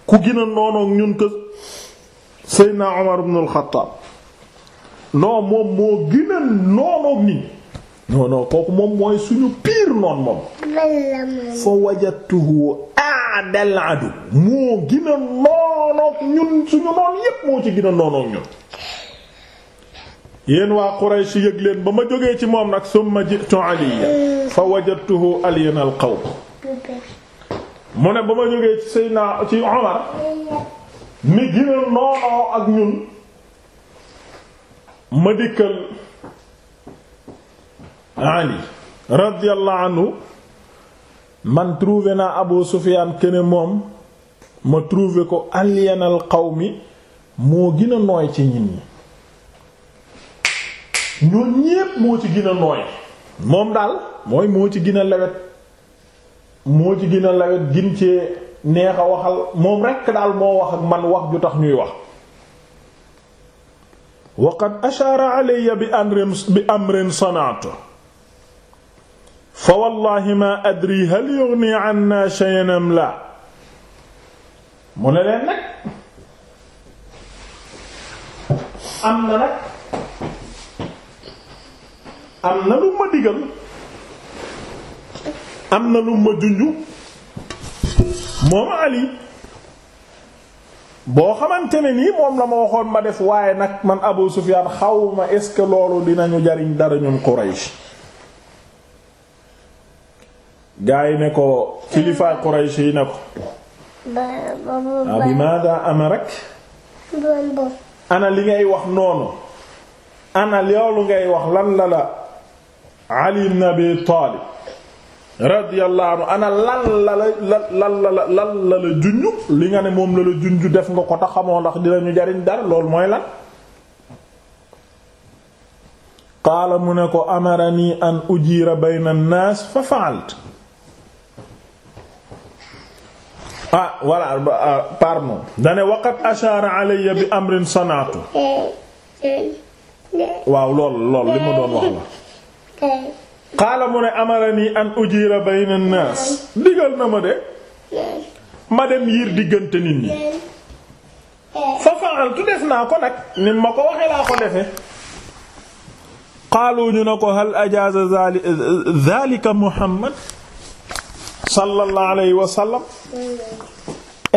ku gën a ñun que Seydina Omar ibn al-Khattab moom moo gën a noonoog nit kooku moom mooy suñu pire noon moom fa wajadtuhu a'dal adu moo gën a ñun suñu noon yépp moo ci gën a ñun yéen waa Quraysh yëg leen ba ma jógee ci moom nag summa ji'tu aliya fa wajadtuhu aliyana al qawm mu ne ba ma jógee ci Seydina ci Omar mi gina noonoo ak ñun ma dikkal Ali radiyallahu anhu man trouvé naa Abu Sufyan kene moom ma trouvé ko aliyana al mi moo gën a nooy ci ñin ñi ñoom ñépp moo ci gën a nooy moom daal mooy moo ci gën a lewet moo ci gën lewet gin cee neex a waxal moom rekk daal moo wax ak man wax ju tax ñuy wax waqad ashaara alayya bi amrin bi amrin sana'tu fa wallahi ma adri hal yughni anna shay'an am la mu ne leen nag am na nag am na lu ma digal am na lu ma junju moom Ali boo xamante ne nii moom la ma waxoon ma def waaye nag man Abu Sufyaan xawma est ce que loolu dinañu jariñ dara ñun Quraysh gaa yi ne ko kilifaay Quraysh yi ne ko abi maada amarak ana li ngay wax noonu ana loolu ngay wax lan la la ali ibn abi taalib ana lan la la lan la la lan la li nga ne moom la la junj def nga ko tax xamoo ndax dinañu jariñ dara lool mooy lan qaala mu ne ko amarani an ujiira bayna an-naas fa fa'altu ah voilà pardon dane waqad ashaara alayya bi amrin sana'tu eh, eh, eh, waaw lool lool li mu doon wax la xaala mu ne amarani an ujiira bayna naas digal na ma de ma dem yiir diggante nit ñi fa fa'altu def naa ko nag nit ma ko waxe ko defe xaalu ñu ne ko hal ajaaza zaalika muhammad sallallahu alayhi wa sallam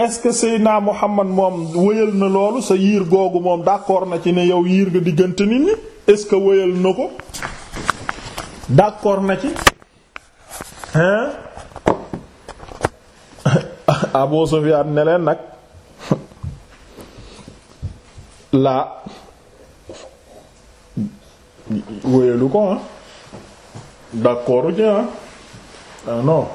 est-ce que Seydina Muhammad moom wëyal na loolu sa yiir googu moom d'accord na ci ne yow yiir nga diggante nit ñi est wëyal na ko d'accord na ci hein Abu Sufyaan ne nag laa wéyalu ko ah d'accord ci ah non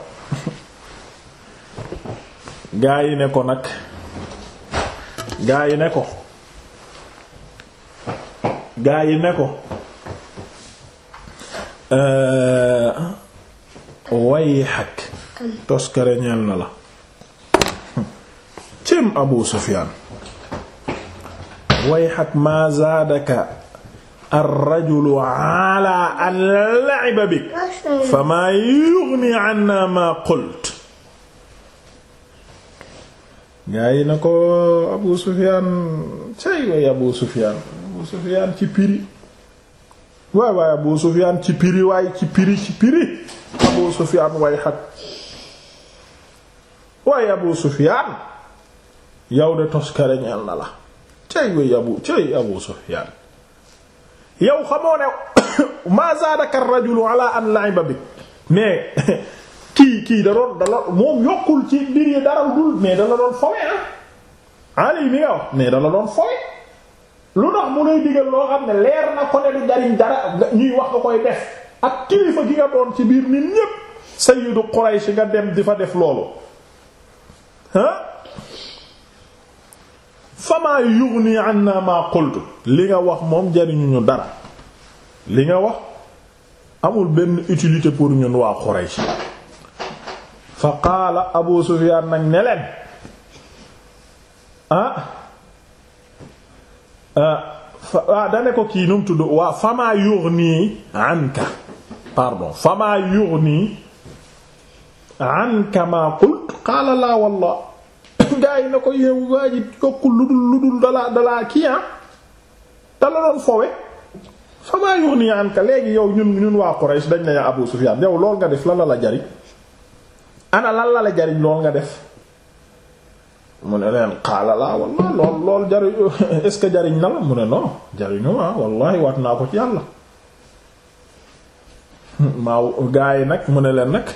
gaa yi ne ko nag gaa yi ne ko gaa yi ne ko Euh, way xakk toskare ñeel na la cim Abu Sufyaan way xakk maa zaadaka ar-rajulu ala an la'iba bik famaa yughni anna maa qult gaa yi na ko Abu Sufyaan cay way Abu Sufyaan Abu Sufyaan ci piri waay waaye Abu Sufyaan ci piri waay ci piri ci piri Abu Sufyaan waay xat waay Abu Sufyaan yow de toskare na la tey way Abu tey Abu Sufyaan yow xamoo ne maa zaadaka ar-rajulu ala an la'iba bik mais kii kii da doon moom yokkul ci mbir yi dara dul mais da la doon fowe ah. ali mi nga wax mais doon fowe lu tax mu lay digal loo xam ne leer na ko ne du jariñ dara ñuy wax nga koy def ak kilifa gi nga doon ci biir nit ñépp sayyidu Quraysh nga dem di fa def loolu ah famaa yughni anna ma qultu li nga wax moom jariñuñu dara li nga wax amul benn utilité pour ñun waa Quraysh fa qaala Abu Sufyaan nag ne leen ah, Euh, ah dane ko kii nu tudd waa famaa nii anka pardon famaa nii anka maa qult qaala laa wallah gaa yi na ko yeewu waa ji yokkul lu dul lu dul dalaa dalaa kii ah dala doon fowe famaa yughni anka léegi yow ñun ñun waa Quraysh dañ ne Abu Sufyaan yow lool nga def lan la jariñ ana lan la la jariñ lool nga def mu ne leen xaala walla lool lool jariñ est jariñ na la mu ne non jariñu ah wallahi waat naa ko ci yàlla maaw gaa yi nag mu ne leen nag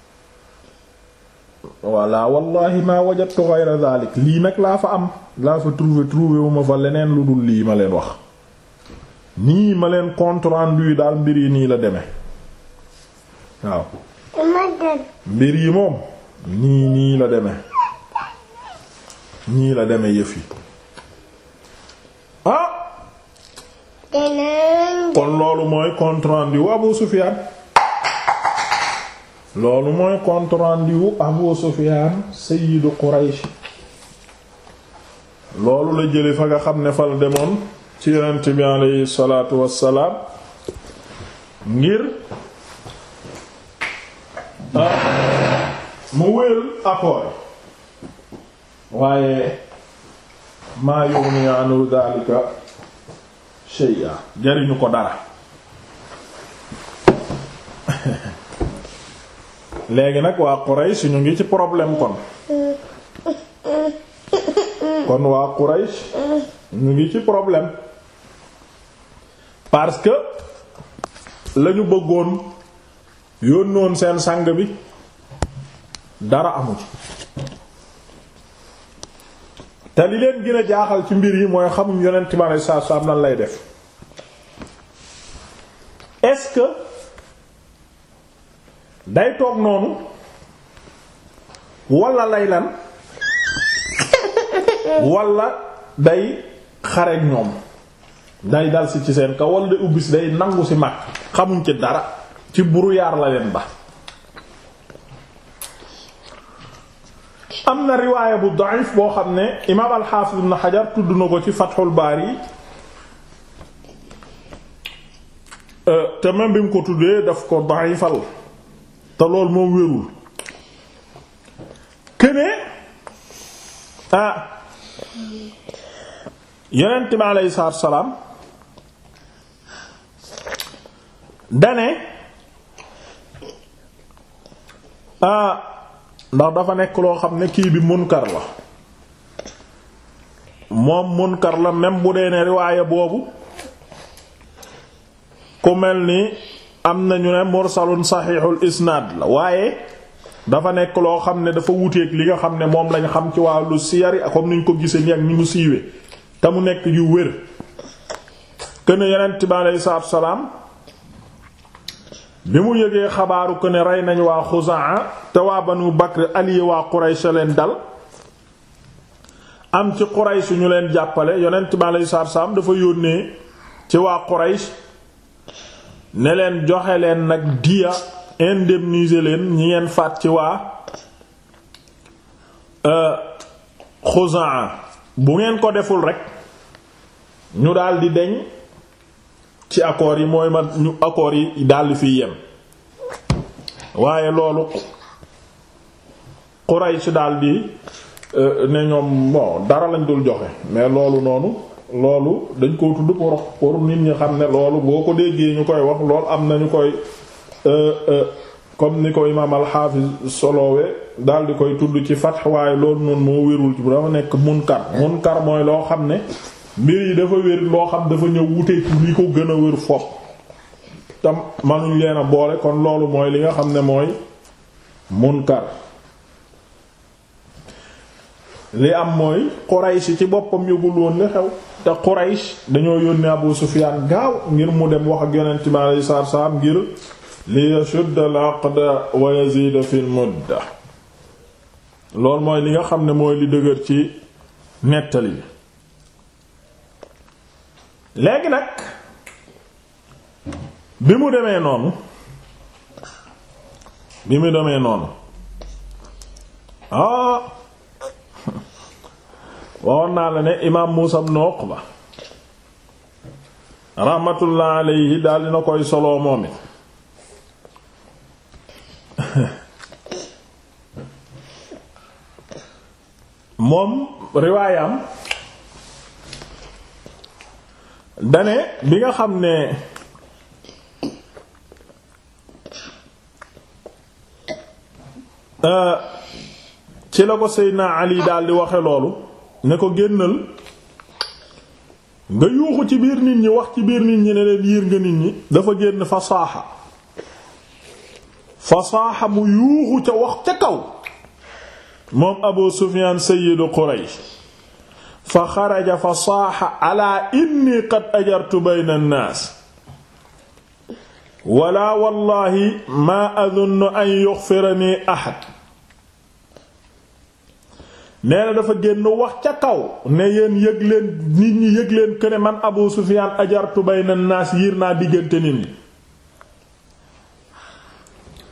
walla wallahi maa wajadtu ghayra dhalik lii nag laa fa am laa fa trouvé trouvé wu fa leneen lu dul lii ma leen wax nii ma leen compte rendu daal mbir yi nii la demee waaw mbir yi moom nii nii la demee ñii la deme yëf yi ah! kon loolu mooy compte rendu wu Abu Sufyan loolu mooy loolu la jëlee fa nga xam ne fa demoon ci yonent bi alayhi salaatu wassalaam ngir ah, mu wéyal accord waaye maa yughni anhu dhalika shay'a jariñu ko dara léegi nag waa Quraysh ñu ngi ci problème kon kon waa Quraysh ñu ngi ci problème parce que lañu bëggoon yónnoon seen sang bi dara amu te li leen gën a jaaxal ci mbir yi mooy xamuñ yonent bi aleyhi salaatu salaam nan lay def est-ce day toog noonu walla lay lan walla day xareek ñoom day dal si ci seen kaw walla day ubbi si day nangu si mag xamuñ ci dara ci brouillard la leen ba am na riwaaya bu da'if boo xam ne imaam al-Hafiz ibn tudd na ko ci Fathul Bari euh, te même bi mu ko tuddee daf ko da'ifal te loolu moom wérul këne ah yonent bi aleyhi salaatu salaam dane ah, ndax dafa nekk loo xam ne kii bi munkar la moom munkar la même bu dee ne riwaaya boobu ku mel ni am nañu ne mursalun saxiixul isnaad la waaye dafa nekk loo xam ne dafa wuteek li nga xam ne moom lañ xam ci wàllu siyari comme niñ ko gisee nii ak ni mu siiwee te mu nekk yu wér kën yeneen tibe saa salaam bi mu yëgee xabaaru ko ne rey nañu waa Xuzaa te waa Banu Bakr allié waa Quraysh leen dal am ci Quraysh ñu leen jàppale yonent bi aleyhi salaatu dafa yónnee ci waa Quraysh ne leen joxe leen nag diya indemniser leen ñi ngeen faat ci waa euh, Xuzaa bu ngeen ko deful rek ñu daldi deñ ci accords yi mooy man ñu accords yi daldi fi yem waaye loolu Quraysh daldi euh, ne ñoom bon dara lañ dul joxe mais loolu noonu loolu dañ ko tudd pour pour nit ñi xam ne loolu boo ko déggee ñu koy wax lool am na ñu koy euh, euh, comme ni ko imaam al-Hafiz soloowe daldi koy tudd ci Fath waaye loolu noonu moo wérul ci bu dafa nekk munkar munkar mooy loo xam ne mbir yi dafa wér loo xam dafa ñëw wuteeku li ko gën a wér fopp tam manuñ leen a boole kon loolu mooy li nga xam ne mooy munkar li am mooy Quraysh ci boppam yëgul woon li xew te Quraysh dañoo yónnee Abu Sufyaan gaaw ngir mu dem wax ak yonent mi alayhi salaatu salaam ngir li yashudda al-aqda wa yazida mooy li nga xam ne mooy li dëgër ci nettali léegi nag bi mu demee noonu bi mu demee noonu ah waxoon naa la ne imaam Muusa ibn Uqba rahmatullah alayhi daal dina koy soloo moom it moom riwaayam dane bi nga xam ne euh, ci la ko Seydina Ali di waxe loolu ne ko génnal nga yuuxu ci biir nit ñi wax ci biir nit ñi ne leen yiir nga nit ñi dafa génn fasaaxa fasaaxa mu yuuxu ca wax ca kaw moom Abu Sufyaan sayyidu Quraysh fa xaraja fa saaxa ala inni qad ajartu bayna annaas wala wallahi ma adunnu an yuxfirani ahad nee na dafa génn wax ca kaw ne yéen yëg leen nit ñi yëg leen que man Abu Sufyaan ajartu bayna naas yiir naa diggante nit ñi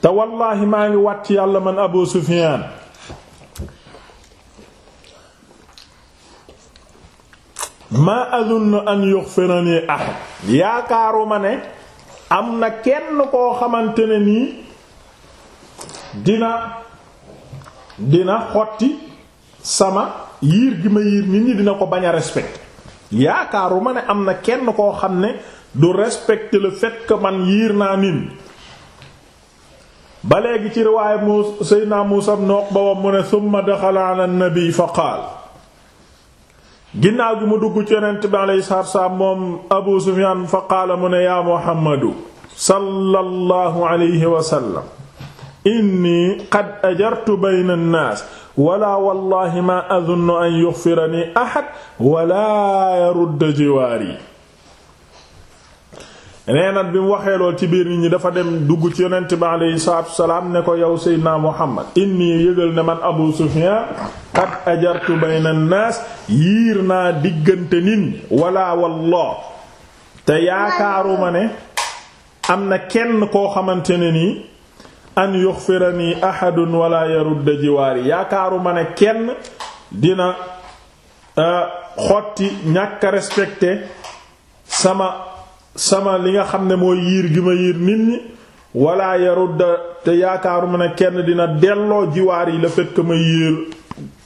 te wallaahi maa ngi wàcc yàlla man Abu Sufyaan maa azunnu an yughfirani ahad yaakaaruma ne am na kenn koo xamante ne nii dina dina xotti sama yiir gi ma yiir nit ñi dina ko bañ a respecté yaakaaruma ne am na kenn koo xam ne du respecter le fait man yiir naa nin ba léegi ci riwaaya Seydina Muusaa ibn Uqba mu ne summa daxala ala nabi fa qaal ginnaaw gi mu dugg ci yonent bi alayhi salaatu wassalaam moom Abu Sufyaan fa qaala mu ne yaa Muhammadu sallallahu alayhi wa sallam inni qad ajartu bayna an-naas wala wallahi ma adunnu an yughfirani ahad wala yarudda jiwaari nee bi mu waxee ci biir nit ñi dafa dem dugg ci yonent bi aleyhi salaam ne ko yow Seydina Muhammad inni yëgal ne man Abu Sufyan qad ajartu bayna naas yiir naa diggante nit wala wallah te yaakaaruma ne am na kenn koo xamante ne nii an yuxfirani ahadun wala yarudda jiwaari yaakaaruma ne kenn dina euh, xotti ñàkk a sama sama li nga xam ne mooy yiir gi ma yiir nit ñi wala yarudda te yaakaaruma ne kenn dina delloo jiwaar yi la fekk ma yiir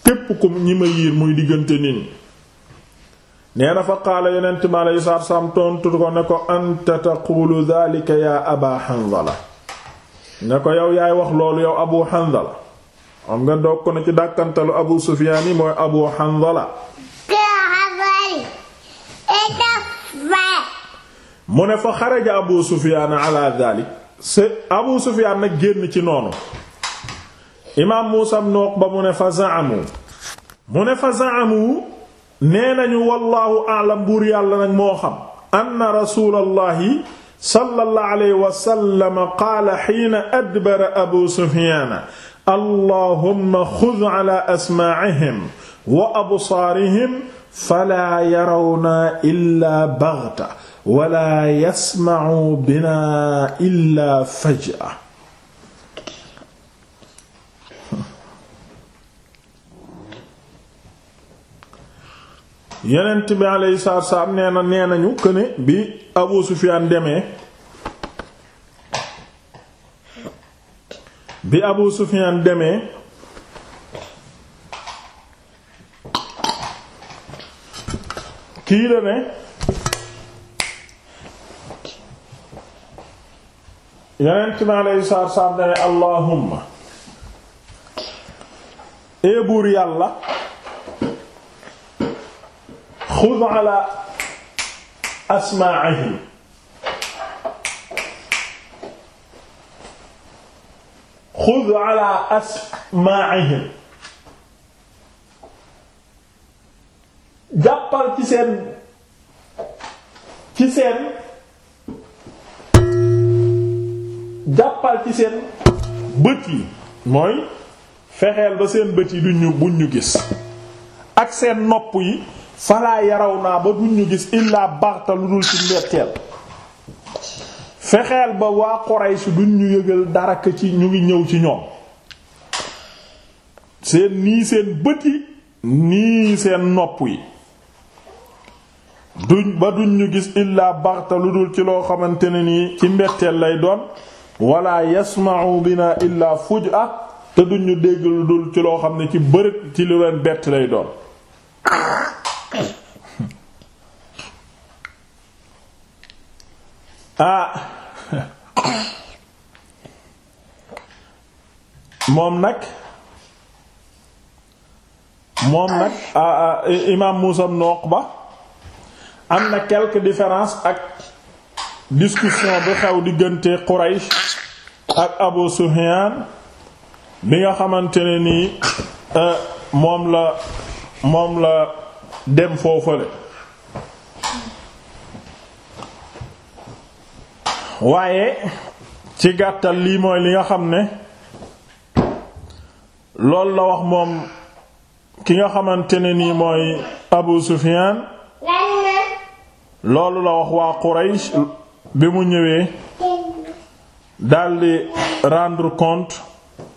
képp ku ñi ma yiir muy diggante nit ñi nee na fa qaala ma bi aleyhi salaatu salaam tontu ko ne ko anta taqulu dhalika ya aba hanzala ne ko yow yaay wax loolu yow abu hanzala xam nga ndokk na ci dàkkantalu abu sufyaan yi mooy abu hanzala mu ne fa xaraja abu sufiyaan ala dalik abu sufiyaan nag génn ci noonu imaam muusa ibn uqba mu ne fa zaamu mu ne fa zaamu nee nañu wallaahu a'lam buur yàlla nag moo xam anna rasuulallahi sallallahu alayhi wa sallam qaala hiina adbara abu sufyaan allahumma xud ala asmaa'ihim wa absaarihim falaa yarawna illaa baghta wala yasma'u bina illa faj'a yonent bi alayhi salaatu salaam nee na nee nañu këne bi Abu Sufyaan demee bi Abu Sufyaan demee kii la yonent mi aleyhi salaatu salaam dane allahumma eebuur yàlla xud ala asmaa'ihim xud ala asmaa'ihim jàppal ci seen ci seen jàppal ci seen bët yi mooy fexeel ba seen bët yi duñ buñ ñu gis ak seen nopp yi falaa yaraw naa ba duñ ñu gis illaa baxta lu ci mbetteel fexeel ba waa Quraysh duñ ñu yëgal dara ka ci ñu ngi ñëw ci ñoom seen nii seen bët yi nii seen nopp yi duñ ba duñ gis illaa barta ludul ci loo xamante ne nii ci mbetteel lay doon wala yasma'u bina illa fuj'a te duñu dégg lu dul ci loo xam ne ci bërëg ci lu leen bett lay doon ah moom nag moom nag ah, ah, imaam Muusa ibn Uqba am na quelque différence ak discussion bi xew diggante Quraysh ak Abu Sufyan bi nga xamante ne nii euh, moom la moom la dem foofale waaye ci gàttal lii mooy li nga xam ne loolu la wax moom ki nga xamante ne nii mooy Abu Sufyan loolu la wax waa Quraysh bi mu ñëwee daldi rendre compte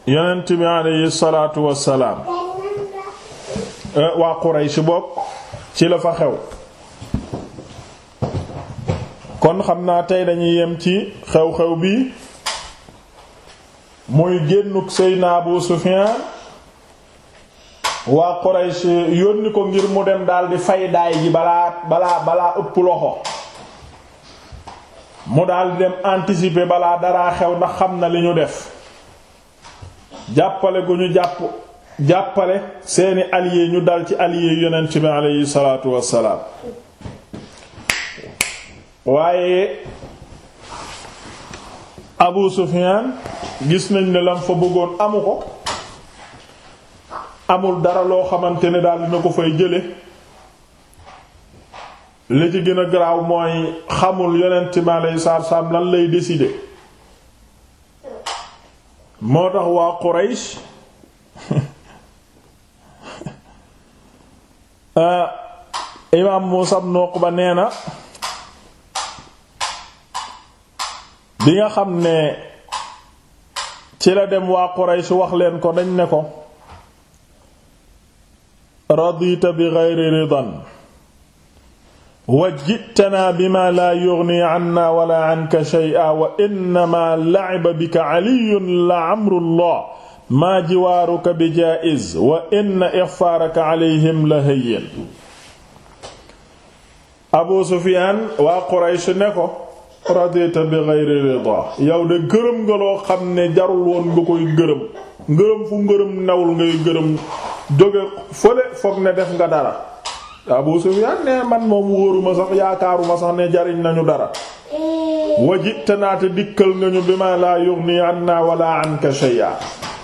yonent bi alayhi salaatu wassalaam euh, waa Quraysh bokk ci la fa xew kon xam naa tey dañuy yem ci xew-xew bi muy génnuk Seydina bu Sufyan waa Quraysh yónni ko ngir mu dem daldi fay daay ji balaa balaa balaa ëpp loxo mu daal di dem anticiper balaa daraa xew ndax xam na li ñu def jàppale gu ñu jàpp jàppale seeni alliés ñu dal ci alliés yonent bi aleyhi salaatu wassalaam waaye Abu Sufyan gis nañ ne lam fa bëggoon amu ko amul dara loo xamante ne daal dina ko fay jële li ci gën a graaw mooy xamul yonent mi aleyhi salaatu salaam lan lay décider moo tax waa Quraysh euh, imaam Muusaa ibn Uqba nee na bi nga xam ne ci la dem waa Quraysh wax leen ko dañ ne ko radita bi ghayri ridan wa ji'tanaa bimaa laa yughnii 'annaa wa laa 'anka shay'an wa innamaa la'iba bika 'aliyyun la'amrullah maa jiwaaruka bi jaa'iz wa inna ixfaaraka 'alayhim lahayyin Abu Sufyaan waa Quraysh ne ko radita bi ghayri ridaa yow de gërëm nga xam ne jarul woon nga koy gërëm ngërëm fu ngërëm nawul ngay gërëm jóge fële foog ne def nga dara Abu Sufyaan ne man moom wóoruma sax yaakaaruma sax ne jariñ nañu dara wajitana te dikkal nga ñu bi ma laa yughni anna wala anka shay'a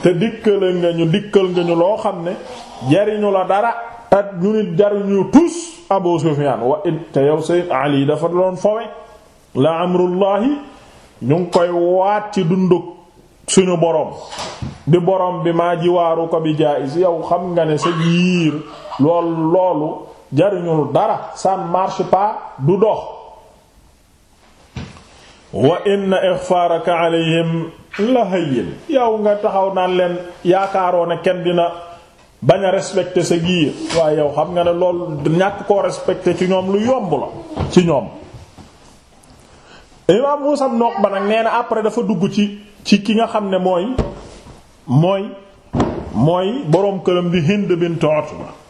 te dikkale nga ñu dikkal nga ñu loo xam ne jariñu la dara te ñu nit jariñu tus Abu Sufyaan wa it te yow Sayyid Ali dafa doon fowe la amrullahi ñu ngi koy waat ci dunduk suñu borom di borom bi maa jiwaaru ko bi jaayis yow xam nga ne sa jiir loolu loolu jariñul dara san ne marche pas du dox wa inna ka alayhim la hayyin yow nga taxaw naan leen yaakaaroo ne kenn dina bañ a respecté sa giir waaye yow xam nga ne loolu ñàkk koo respecté ci ñoom lu yomb la ci ñoom imaam Muusaa noq ba nag nee na après dafa dugg ci ci ki nga xam ne mooy mooy mooy boroom këram di Hind bint Utba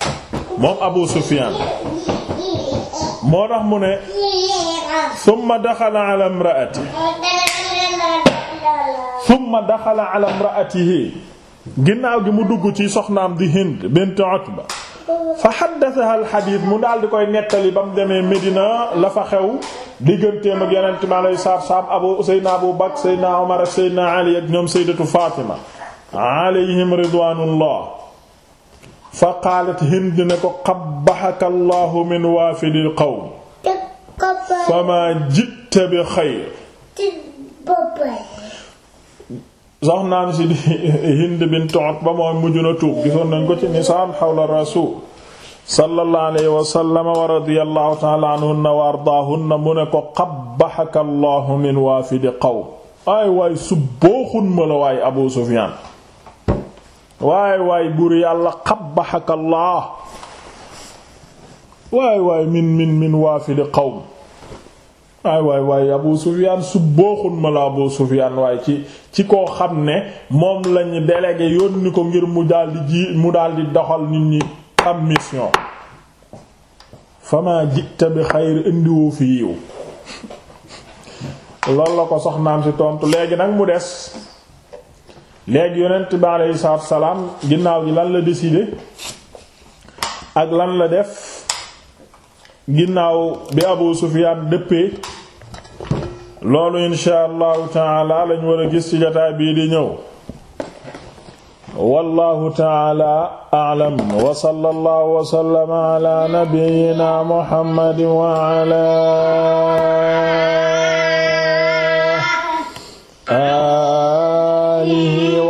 moom Abu Sufyan moo tax mu ne summa daxala ala imraati summa daxala ala imraatihi ginnaaw gi mu dugg ci soxnaam di Hind bint Utba fa xaddasaha alxadiis mu dal di koy nettali ba mu demee Medina la fa xew digganteem ak Yonent mi alayhi salaatu abu Seydina Abu Bakr Seydina Umar Seydina Ali ak ñoom Sayyidatu Fatima alayhim ridwaanullah fa qaalat Hind ne ko qabbahaka Allahu min waafidil qawm famaa ji'ta bi xayr soxnaan si di Hind bint Utba mooy mujj na tuub gisoon nañ ko ci nisaan xawla rasuul sallallahu alayhi wa sallam wa radiyallahu ta'ala anhunna wa ardaahunna mu ne ko qabbahaka Allahu min waafidi qawm ay waay subbooxun ma la waay Abu Sufyaan waay waay buur yàlla xabbaxaka allah waay waay min min min waafidi qawm waay waay waay abu sufiyaan su booxun ma la abu sufiyaan waaye ci ci koo xam ne moom lañu délégué yónni ko ngir mu daldi ji mu daldi doxal nit ñi am mission fama jita bi xayr indiwoo fi yiw loolu la ko soxnaam si tontu léegi nag mu des léegi yonent bi aleyhi salaatu salaam ginnaaw gi lan la décider ak lan la def ginnaaw bi Abu Sufyaan dëppee loolu insha allahu taala lañ war a gis ci jotaay bii di ñëw wallahu taala a'lam wa sallallahu wa sallama ala nabiyyina muhammad wa ala